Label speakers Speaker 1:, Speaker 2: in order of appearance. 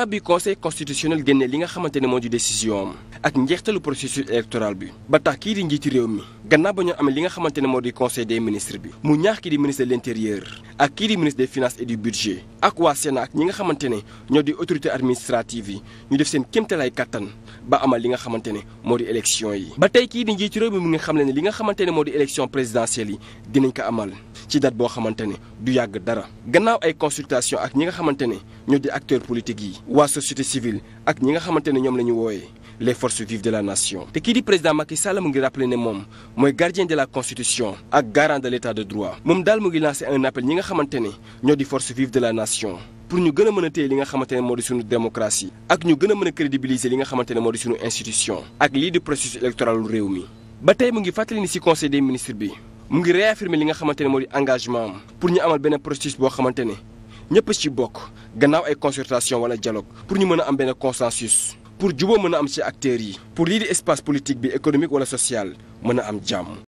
Speaker 1: ginnaaw bi conseil constitutionnel li nga xamante ne moo di décision am ak njeextalu processus bi ba tax kii di njiiti réew mi gannaaw ba ñoo amee li nga xamante ne moo di conseil des ministres bi mu ñaax kii di ministre de ak di ministre ak waa Sénat ñi nga xamante ne ñoo di autorité administrative yi ñu def seen ay kattan ba amal li nga xamante ne moo di élection yi. ba tey kii di njiiti réew mi mu ngi xam ne li nga xamante ne moo di élection présidentielle yi dinañ ko amal. ci date boo xamante ne du yàgg dara gannaaw ay consultation ak ñi nga xamante ne ñoo di acteurs politiques yi waa société civile ak ñi nga xamante ne ñoom la ñu wooyee les forces vives de la nation te kii di président Macky Sall mu ngi rappelé ne moom mooy gardien de la constitution ak garant de l'état de droit moom daal mu ngi lancé un appel ñi nga xamante ne ñoo di forces vives de la nation pour ñu gën a mën a li nga xamante ne moo di suñu démocratie ak ñu gën a mën a li nga xamante ne moo di suñu institution ak lii di processus électoral réew tey mu ngi fàttali ni ci conseil des ministres bi mu ngi réaffirmer li nga xamante ne moo di engagement am pour ñu amal benn processus boo xamante ne ñëpp ci bokk gannaaw ay concertation wala dialogue pour ñu mën a am benn consensus pour juboo mën a am ci acteurs yi pour lii di espace politique bi économique
Speaker 2: wala social mën a am jàmm